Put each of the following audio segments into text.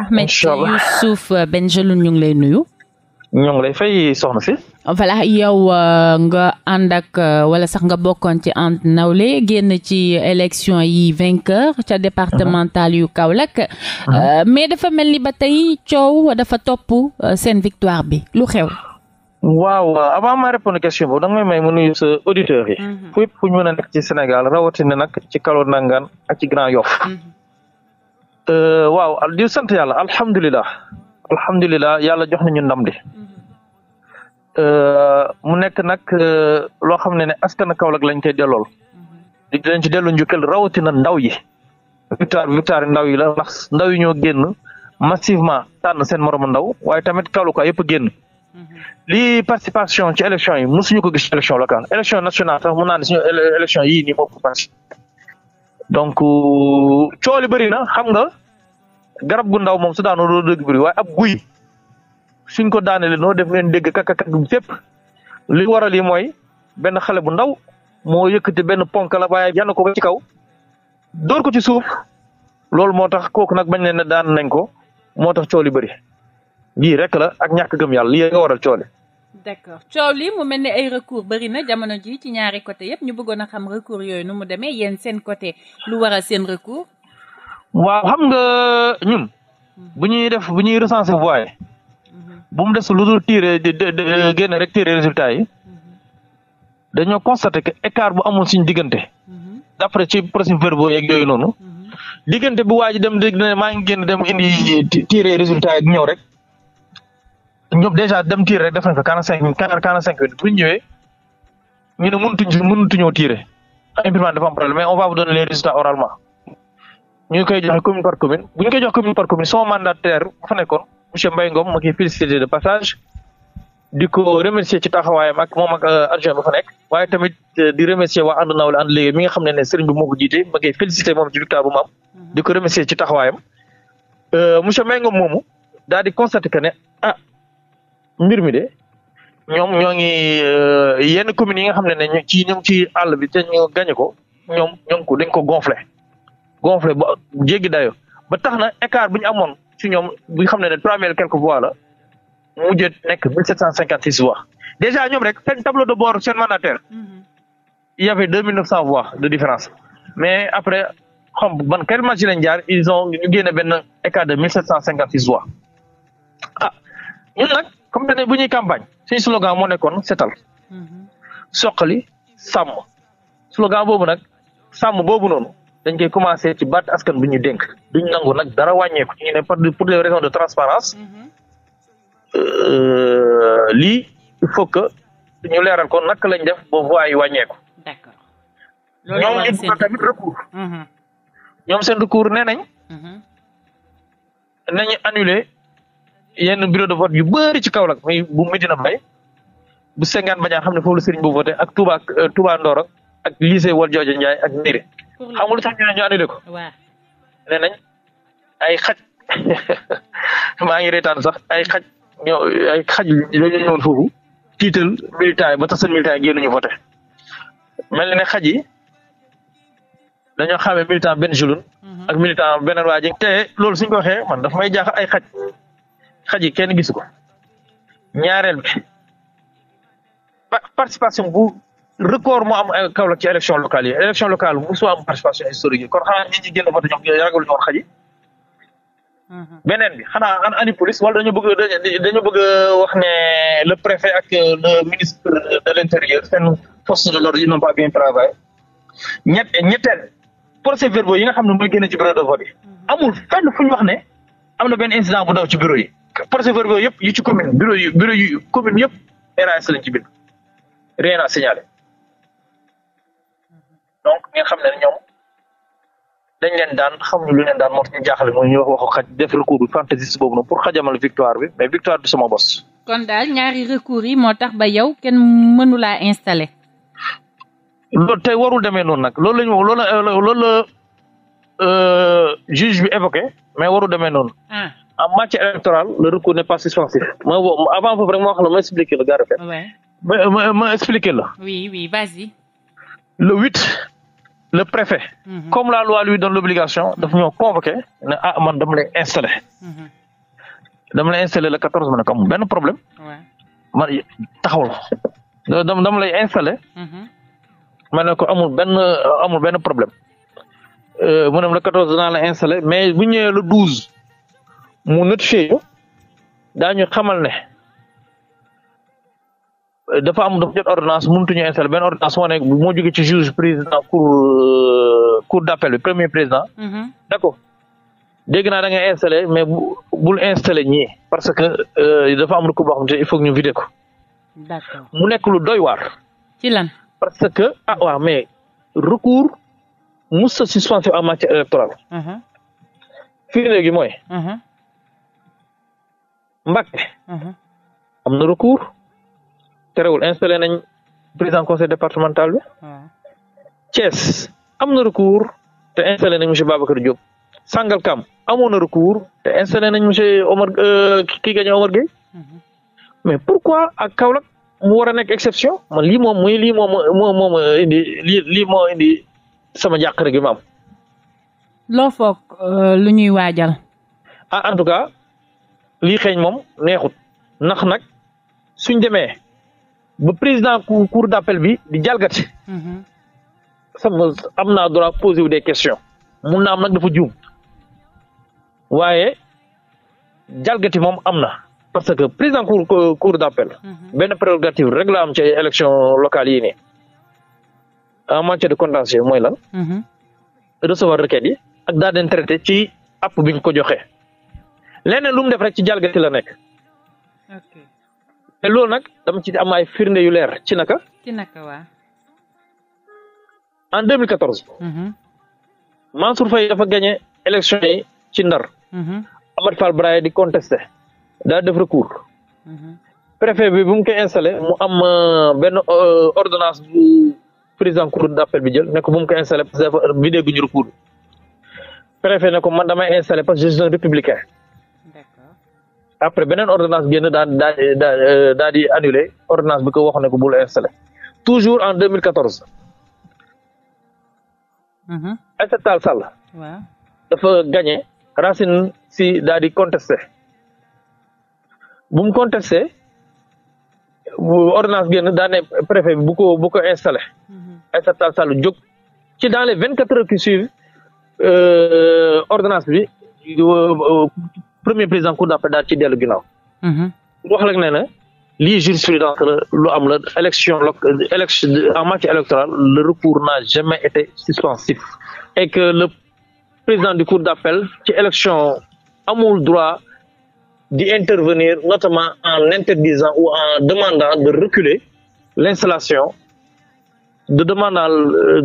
Ahmed Youssouf euh, Bengeloun ñu ngi lay nuyu. ñu ngi lay fay soxna si. voilà yow euh, nga ànd ak euh, wala sax nga bokkoon ci ànd nawle génn ci élection yi vainqueur ca mhm. départemental yu Kaolack. Mhm. mais dafa mel ni ba tey coow dafa topp seen victoire bi lu xew. waaw avant ma répondre question boobu da nga may may mu nuyu sa auditeurs yi. Mhm. fépp fu ñu mën a nekk ci Sénégal rawatina nag ci Kaolack nangaan ak ci Grand Yoff. Euh, waaw di sant yàlla alhamdulilah alhamdulilah yàlla jox nañu ndam li euh, mu nekk nag euh, loo xam ne ne askan Kaolack lañ koy dellool di leen ci dellu njukkal rawatina ndaw yi victoire victoire ndaw yi la ndax ndaw yi ñoo génn massivement tànn seen moromu ndaw waaye tamit Kaolack yëpp génn li participation ci élection yi mosuñu ko gis élection locale élection nationale sax mun naa ne élection yii nii ko donc coow li bëri na xam nga garab gu ndaw moom su daanoo doo dégg bëri waaye ab guy suñ ko daanelee noo def ngeen dégg kakak ak fépp li waral yi mooy benn xale bu ndaw moo yëkkati benn ponk la waaye yal na ko ba ci kaw dóor ko ci suuf loolu moo tax kooku nag bañ leen ne daan nañ ko moo tax coow li bëri lii rek la ak ñàkk gëm yàlla lii waral coow d'accord coow li mu mel ni ay recours bëri na jamono ji ci ñaari côté yëpp ñu bëggoon a xam recours yooyu nu mu demee yéen seen côté lu waral seen recours. waaw xam nga ñun. Hmm. bu ñuy def bu ñuy recenser voix hmm. bu mu des lu dul tiré di génn rek tiré résultat yi. Hmm. dañoo constaté que écart bu amoon suñu diggante. d'après ci procès verbaux yeeg yooyu noonu. diggante bu waa ji dem di ne maa ngi génn dem indi tiré résultat yi ñëw rek. ñoom dèjà dem tiire rek def nañ ko quarante cinq minutes quarante cinq minutes bu ñu ñëwee ñu ne mënutuñ mënutuñoo tiire imprimante dafa am mais on va vous donner les oralement ñu ngi koy joxe commune par commune bu ñu koy jox commune par commune son mandataire bu fa nekkoon monsieur Mbaye Ngom ma koy félicité de passage di ko remercier ci taxawaayam ak moom ak euh, adjoint ba fa nekk tamit euh, di remercier waa ànd naawle ànd mi nga xam ne ne sëriñ bi moo ko jiite ma koy félicité moom ci victoire bu mu mm-hmm. di ko remercier ci taxawaayam euh, monsieur Mbaye Ngom moomu di constaté que ne ah, mbir mi de ñoom ñoo ngi euh, yenn communes yi nga xam ne ne ci ñu ci àll bi te ñu gañe ko ñoom ñoo ngi ko dañ ko gonflé gonflé ba jéggi ba tax na écart bi ñu amoon ci ñoom bi nga xam ne ne trois mille quelques voix la mujjee nekk mille sept cent cinquante six voix déjà ñoom rek seen tableau de bord seen mandataire il mm-hmm. y deux mille neuf cent voix de différence mais après xam ban quelle machine lañ jaar ils ont ñu benn écart de mille sept cent cinquante six voix ah, comme dañu bu ñuy campagne suñu slogan moo nekkoon setal mhm. soqali sàmm slogan boobu nag sàmm boobu noonu dañ koy commencé ci baat askan bi ñu dénk duñ nangu nag dara wàññeeku ñu ne par pour des raisons de transparence mhm. euh, lii il faut leeral ko nak lañ def ba voix wàññeeku. d'accord ñoom ñu recours. Mhm. ñoom seen recours yenn bureau de vote yu bëri ci Kaolack muy bu Medina Baye bu Sengane Badiane xam ne foofu la sëriñ bu voté ak Touba euh, Touba Ndoro ak lycée Wal Joojo Ndiaye ak Ndire xam nga lu ko nee nañ ay xaj ngi reetaan sax ay xaj ñoo ay xaj dañu ñëwoon foofu tiital ba tax seen militaire yi génnuñu voté mel na ne xaj yi dañoo xamee militant benn julun mhm. ak militant beneen waa ji te loolu suñ ko waxee man daf may jaaxal ay xaj xaj yi kenn gisu ko ñaareel bi participation bu record moo am euh, Kaolack ci élection locale yi élection locale bu soo am participation historique yi kon xanaa nit ñi jël vote ñoom ñooy ragal ñu mhm. beneen bi xanaa an ani police wala dañu bëgg dañu bëgg euh, wax ne le préfet ak euh, le ministre de l' intérieur seen force de l'ordre yi bien travaillé ñett ñetteel procès yi nga xam ne mooy génne ci bureau de vote mhm. amul fenn fu ñu wax am na benn incident bu daw ci bureau yi procureur yooyu yëpp yu ci commune bureau yu bureau yu commune yëpp RAS lañ ci bind rien à signaler xam ne ñoom dañ leen daan xamuñu lu leen moo tax ñu jaaxle mooy ñu wax waxu xaj pour xajamal victoire bi mais victoire du bos. kon daal yi moo tax ba yow kenn laa installé. loolu tey warul noonu nag loolu la loolu Euh, juge bi évoqué mais waru demee noonu. Ah. en matière électorale le recours n'est pas suspensif. ma wo avant foofu rek wax la ma expliqué la gars ouais. ma ma ma expliqué la. oui le huit le préfet. Mhm. comme la loi lui donne l'obligation daf ñoo convoqué ne ah man dama installé. Mhm. dama lay installé le quatorze ma ne ko amul benn problème. man taxawal dama dama lay installé. Mhm. ma ne ko amul benn amul benn problème. Euh, mu ne la quatorze dinaa la installé mais bu ñëwee le douze mu notifié ñu daañu xamal ne dafa am dafa jot ordonnance mënutuñu installé benn ordonnance moo ne moo jóge ci juge président cour euh, cour d'appel bi premier président mm-hmm. d'accord dégg naa da mais bu bul installé ñii parce que euh, dafa am lu ko boo il faut ñu vidé mu nekk lu ci lan parce que ah waaw mais recours mus a suspensif en matière eh, électorale. Uh-huh. fii léegi mooy. Uh-huh. Mbacke. Uh-huh. am na recours terewul installé nañ président conseil départemental bi. Thiès am na recours te installé nañ monsieur Babacar Diop. Sangalkam amoon na recours te installé nañ monsieur Omar euh, kii gagné Omar mais pourquoi ak Kaolack mu war a nekk exception man lii moom muy lii moom moo moo indi lii lii moo indi. sama njàqare gi ma am. loo foog euh, lu ñuy waajal. ah en tout cas lii xeeñ moom neexut ndax nag suñ demee ba président cour d'appel bi di jalgati. Mm-hmm. sama am naa droit poser wu des questions mun naa nag dafa juum waaye jalgati moom am na parce que président cour d'appel. Mm-hmm. benn prérogative rek am ci élection locale yi nii. en euh, matière de contentieux mooy lan. Mm-hmm. recevoir requête yi ak daal den traité ci app bi ko joxe leneen lu mu def rek ci jalgati la nekk. te loolu nag dama ci am ay firnde yu leer ci naka. ci naka waa. en 2014. Mm-hmm. Mansour Faye dafa gagné élection yi ci Ndar. Mm-hmm. Amath Fall Braye di contesté daal def recours. préfet bi bu mu installé mu am euh, benn euh, ordonnance président cour d'appel bi jël ne ko bu mu ko installé parce bi ñu recours préfet ne ko man damay installé parce que je suis républicain après beneen ordonnance génn daa daa daa euh, daa di annulé bi ko wax ne ko bul installé toujours en 2014. Mm-hmm. Aïssata Tall Sall. waaw dafa gagné Racine si daa di contesté bu mu contesté ordonnance génn daa ne Aïssata Tall Sall jóg ci dans les vingt quatre heures qui suivent euh, ordonnance bi premier président cour d'appel daal ci dellu ginnaaw mhm. wax rek ne na lii jurisprudence la lu am la élection lo élection en matière électorale le recours n'a jamais été suspensif et que le président du cour d'appel ci élection amul droit d'y notamment en interdisant ou en demandant de reculer l'installation de demander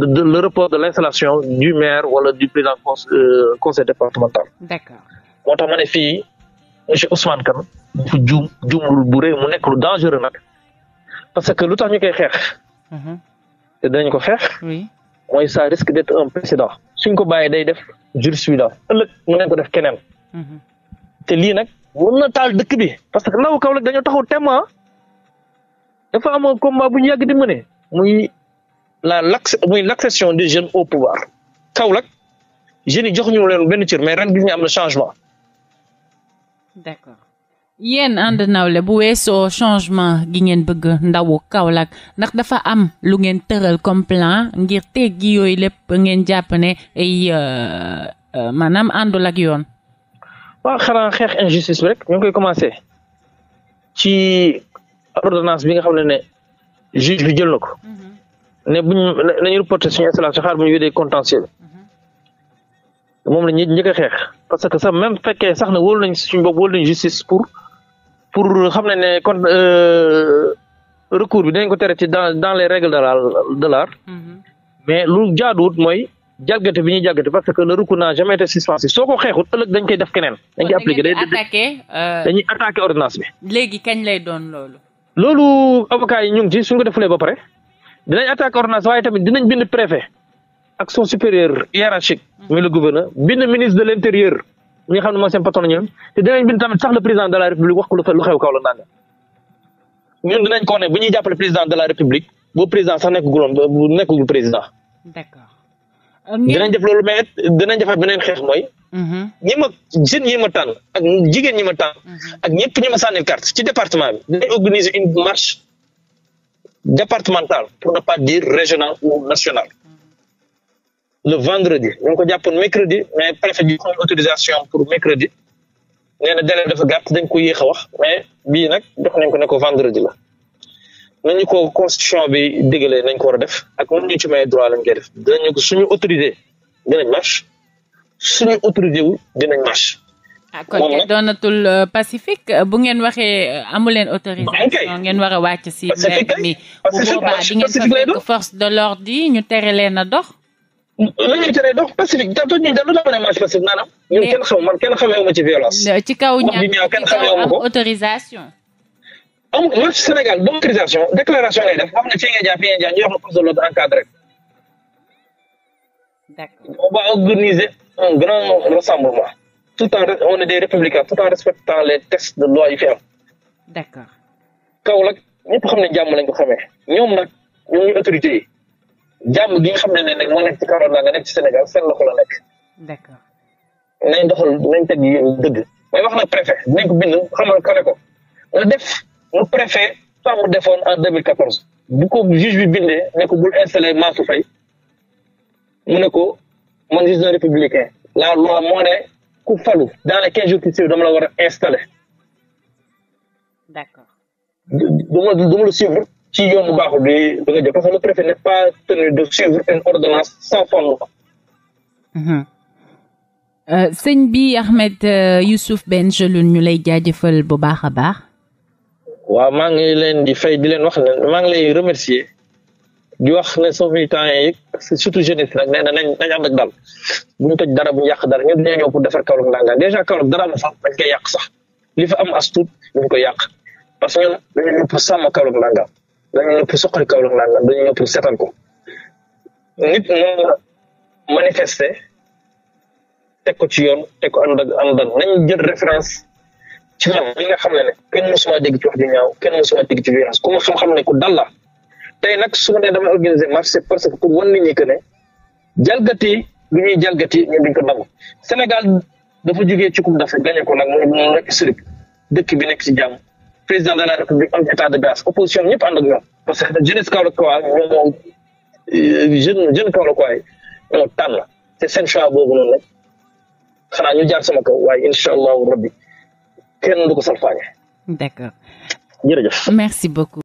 de, de, le report de l'installation du maire wala du président euh, conseil départemental. moo tax ma ne fii monsieur Ousmane fu juum juumul bu rëy mu nekk lu dangereux nag parce que lu tax ñu koy xeex. Mhm. te dinañ ko xeex. oui sa ça de d'être un précédent suñ ko bàyyee day def jurisprudence ëllëg mën nañ ko def keneen. Mhm. te lii nag mën na taal dëkk bi parce que ndaw Kaolack dañoo taxaw témoin ah. dafa am combat bu ñu di mëne muy. la muy l'accession des jeunes au pouvoir Kaolack jeunes yi joxuñu leen benn mais ren gis nga am na changement. yenn yéen ànd nawle bu weesoo changement gi ngeen bëgg ndawu Kaolack ndax dafa am lu ngeen tëral comme plan ngir teggi yooyu lépp ngeen jàpp ne ay euh, euh, maanaam àndul ak yoon. waaw xanaa xeex injustice bi rek ñu ngi koy ci ordonnance bi nga xam ne ne juge bi jël na ko. Mhm. ne buñ nañu reporté suñu installation xaar bu ñu wédee contentieux moom la ñu njëkk a xeex parce que sax même fekkee sax na wóolu nañ suñu bopp wóolu nañ justice pour pour xam ne ne kon euh, recours bi dinañ ko tere ci dans dans les règles de la de l'art mais lu jaaduwut mooy jalgate bi ñuy jalgate parce que le recours n'a jamais été suspensif soo ko xeexut ëllëg dañ koy def keneen dañ koy appliqué euh, dañuy attaqué ordonnance bi léegi kañ lay doon loolu loolu avocat yi ñu ngi ci suñ ko defulee ba pare dinañ attaqué tamit dinañ bind préfet ak son supérieur hiérarchique mm-hmm. muy le gouverneur bind ministre de l' intérieur mi nga xam ne mooy seen patron ñoom te dinañ bind tamit sax le président de la république wax ko lu xew kaw la nanga ñun dinañ ko ne bu ñuy jàppale président de la république boo président sax nekkagul woon nekkagul président. Euh, dinañ def loolu mais dinañ defar beneen xeex mooy. Mm-hmm. ñi ma jeunes yi ma ak jigéen ñi ma tànn. Mm-hmm. ak ñëpp ñi ma carte ci département bi. dinañ organiser une départementale pour ne pas dire régionale ou nationale le vendredi ñu ngi ko jàppoon mercredi mais préfet bi am autorisation pour mercredi nee na délai dafa gàtt dañ ko yéex a wax mais bii nag jox nañ ko ne ko vendredi la nañu ko constitution bi digalee nañ ko war a def ak nu ñu ci may droit lañ koy def dinañu ko suñu autorisé dinañ marche suñu autorisé wul dinañ marche ah kon kay doonatul euh, pacifique euh, bu ngeen waxee euh, amu leen autorisation ngeen war a wàcc si mbedd mi bu boobaa di ngeen force de l'ordre yi ñu tere leen a dox lu tere dox pacifique da doon ñu da doon mën marche pacifique maanaam ñun kenn xam man kenn xamee ma ci violence ci kaw ñàkk ci kaw am autorisation am marche Sénégal bu autorisation déclaration lay def wax ne fii nga jaar ñu wax na force de l'ordre encadré d'accord organiser un grand rassemblement tout en on est des républicains de loi yu fi am. d'accord Kaolack ñëpp xam ne jàmm lañ ko xamee ñoom nag ñoom ñu autorités yi jàmm gi xam ne ne nag moo nekk ci Kaolack naa nga nekk ci Sénégal seen loxo la nekk. d'accord nañ doxal nañ teg dëgg. may wax nag préfet dinañ ko bind xamal ko ne ko nga def mu préfet fa mu defoon en 2014 bu ko juge bi bindee ne ko bul installé Mansour Faye mu ne ko man juge républicain la loi moo ne. ku falu dans les quinze jours qui dama la war a installé. d'accord. dama dama la suivre ci yoon bu baaxul di jël parce que le préfet n'est pas tenu de suivre une ordonnance sans fondement. Mhm. Euh, sëñ bi Ahmed euh, Youssouf Bengeloun ñu lay jaajëfal bu baax a baax. waaw maa ngi leen di fay di leen wax ne maa ngi lay remercier di wax ne soo militants yi surtout jeunesse nag nee na nañ nañ am ak dal bu ñu toj dara bu ñu dara ñun dañoo ñëw pour defar Kaolack ndàngaan dèjà Kaolack dara la sax dañ koy yàq sax li fa am as tuut ñu ko yàq parce que ñun dañu ñëw pour sàmm Kaolack ndàngaan dañu ñëw pour soqali Kaolack ndàngaan dañu ñëw pour ko nit moo manifester teg ci yoon teg ko ànd ak àndal nañ jël référence ci man li nga xam ne ne kenn mosuma dégg ci wax ju ñaaw kenn mosuma ci violence ku xam-xam ne ku dal tey nag su ma nee damay organiser marche c'est parce que pour wan nit ñi ne jalgati lu ñuy jalgati ñun duñ ko nangu Sénégal dafa jógee ci coupe d'Afrique gagné ko nag mu nekk historique dëkk bi nekk ci jàmm président de la république am état de grâce opposition ñëpp ànd ak ñoom parce que jeunesse Kaolack quoi ñoom moom euh, jeune jeune Kaolack quoi moo tànn te seen choix boobu noonu xanaa ñu jaar sama kaw waaye incha allahu rabbi kenn du ko salfaañe. d'accord jërëjëf